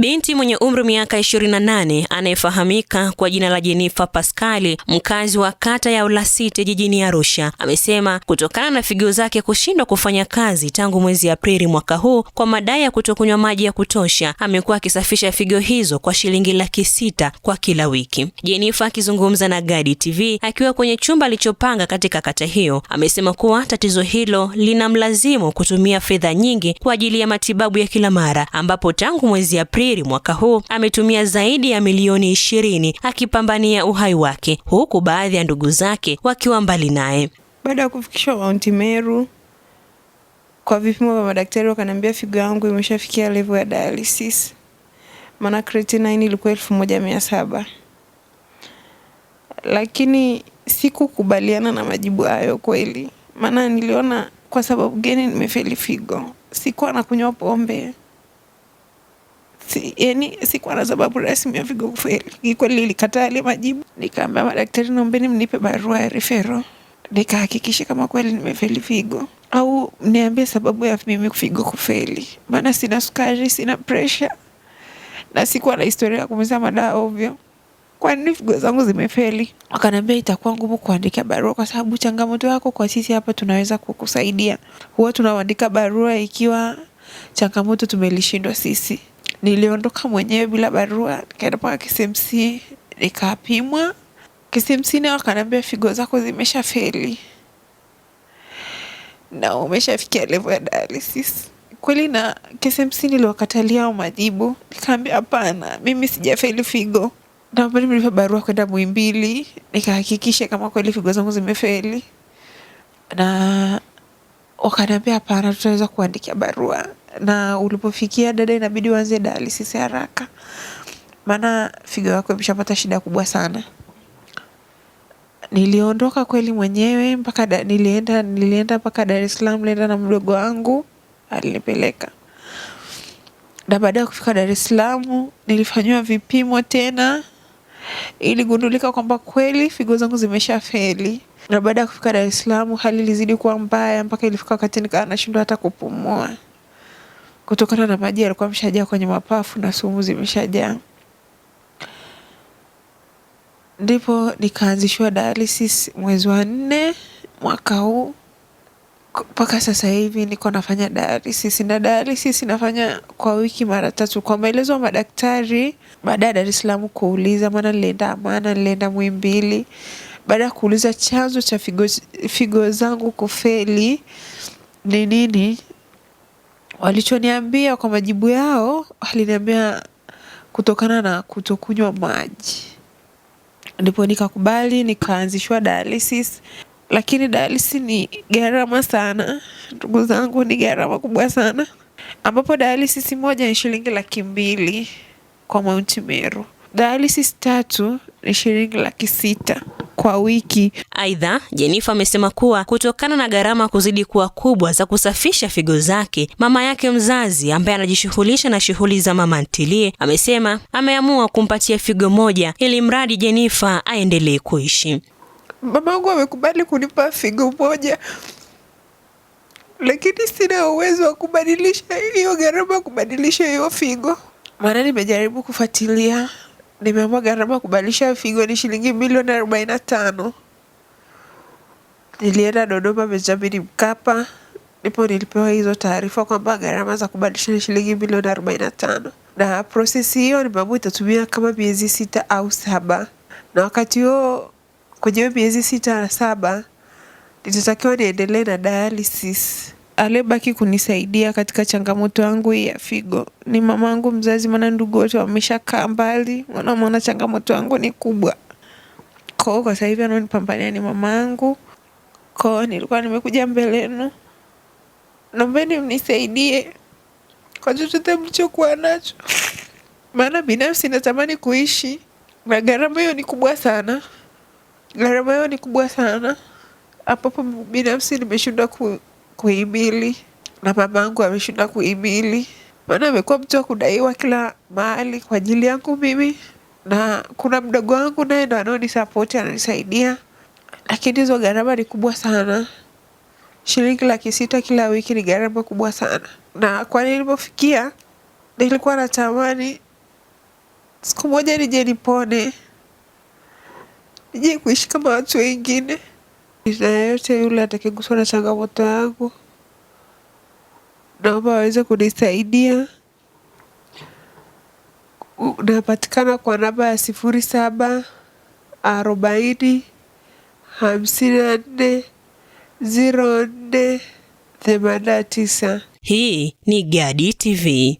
Binti mwenye umri miaka 28 anayefahamika kwa jina la Jenifer Paskali, mkazi wa kata ya Olasiti jijini Arusha, amesema kutokana na figo zake kushindwa kufanya kazi tangu mwezi Aprili mwaka huu kwa madai ya kutokunywa maji ya kutosha, amekuwa akisafisha figo hizo kwa shilingi laki sita kwa kila wiki. Jenifer akizungumza na Gadi TV akiwa kwenye chumba alichopanga katika kata hiyo, amesema kuwa tatizo hilo linamlazimu kutumia fedha nyingi kwa ajili ya matibabu ya kila mara, ambapo tangu mwezi Aprili Aprili mwaka huu ametumia zaidi ya milioni ishirini akipambania uhai wake, huku baadhi ya ndugu zake wakiwa mbali naye. Baada ya kufikishwa Mount Meru kwa vipimo vya madaktari, wakaniambia figo yangu imeshafikia level ya dialysis, maana creatinine ilikuwa elfu moja mia saba lakini sikukubaliana na majibu hayo kweli, maana niliona kwa sababu gani nimefeli figo? Sikuwa nakunywa pombe, si, yani sikuwa na sababu rasmi ya figo kufariki. Kweli nilikataa ile majibu, nikaambia madaktari, naombeni mnipe barua ya refero nikahakikisha kama kweli nimefeli figo au niambie sababu ya mimi figo kufeli, maana sina sukari, sina presha na sikuwa na historia ya kumeza madawa ovyo. Kwa nini figo zangu zimefeli? Wakaniambia itakuwa ngumu kuandika barua, kwa sababu changamoto yako kwa sisi hapa tunaweza kukusaidia. Huwa tunaandika barua ikiwa changamoto tumelishindwa sisi. Niliondoka mwenyewe bila barua, nikaenda mpaka KCMC nikapimwa. KCMC nao wakaniambia figo zako zimesha feli na umeshafikia level ya dialysis kweli. Na KCMC niliwakatalia hao majibu, nikaambia hapana, mimi sijafeli figo. Na mbali nilipa barua kwenda Muhimbili nikahakikisha kama kweli figo zangu zimefeli, na wakaniambia hapana, tutaweza kuandikia barua na ulipofikia dada, inabidi uanze dialysis haraka, maana figo yako imeshapata shida kubwa sana. Niliondoka kweli mwenyewe mpaka da, nilienda nilienda mpaka Dar es Salaam, nilienda na mdogo wangu alinipeleka, na baada ya kufika Dar es Salaam nilifanyiwa vipimo tena, iligundulika kwamba kweli figo zangu zimesha feli. na baada ya kufika Dar es Salaam hali ilizidi kuwa mbaya mpaka ilifika wakati nikawa nashindwa hata kupumua kutokana na maji alikuwa ameshajaa kwenye mapafu na sumu zimeshajaa. Ndipo nikaanzishiwa dialysis mwezi wa nne mwaka huu mpaka sasa hivi niko nafanya dialysis, na dialysis nafanya kwa wiki mara tatu, kwa maelezo ya madaktari. Baada ya Dar es Salaam kuuliza, maana nilienda Amana, nilienda Mwimbili. Baada ya kuuliza chanzo cha figo, figo zangu kufeli ni nini, Walichoniambia kwa majibu yao, waliniambia kutokana na kutokunywa maji, ndipo nikakubali nikaanzishwa dialysis. Lakini dialysis ni gharama sana ndugu zangu, ni gharama kubwa sana, ambapo dialysis moja ni shilingi laki mbili kwa Mount Meru, dialysis tatu ni shilingi laki sita kwa wiki. Aidha, Jenifa amesema kuwa kutokana na gharama kuzidi kuwa kubwa za kusafisha figo zake, mama yake mzazi ambaye anajishughulisha na shughuli za mama ntilie amesema ameamua kumpatia figo moja ili mradi Jenifa aendelee kuishi. Mamangu amekubali kunipa figo moja, lakini sina uwezo wa kubadilisha hiyo gharama, kubadilisha hiyo figo. mara nimejaribu kufuatilia nimeamua gharama kubadilisha figo ni shilingi milioni arobaini na tano. Nilienda Dodoma Benjamin Mkapa, ndipo nilipewa hizo taarifa kwamba gharama za kubadilisha ni shilingi milioni arobaini na tano, na prosesi hiyo nimeamua itatumia kama miezi sita au saba, na wakati huo kwenye miezi sita na saba nitatakiwa niendelee na dialysis aliyebaki kunisaidia katika changamoto yangu ya figo ni mamangu mzazi, maana ndugu wote wameshakaa mbali, wanaona changamoto yangu ni kubwa. Kwa hiyo kwa sasa hivi ananipambania ni mamangu. Kwa hiyo nilikuwa nimekuja mbele yenu, naombeni mnisaidie kwa chochote mlichokuwa nacho, maana binafsi natamani kuishi na gharama hiyo ni kubwa sana, gharama hiyo ni kubwa sana ambapo binafsi nimeshindwa ku kuhimili na mama yangu ameshindwa kuhimili, maana amekuwa mtu wa kudaiwa kila mahali kwa ajili yangu mimi, na kuna mdogo wangu naye ndo anaonisapoti ananisaidia, lakini hizo gharama ni kubwa sana. Shilingi laki sita kila wiki ni gharama kubwa sana, na kwa nilipofikia nilikuwa natamani siku moja nije nipone, nije kuishi kama watu wengine na yeyote yule atakiguswa na changamoto yangu, naomba waweze kunisaidia. Napatikana kwa namba ya sifuri saba arobaini hamsini na nne zero nne themanini na tisa. Hii ni Gadi TV.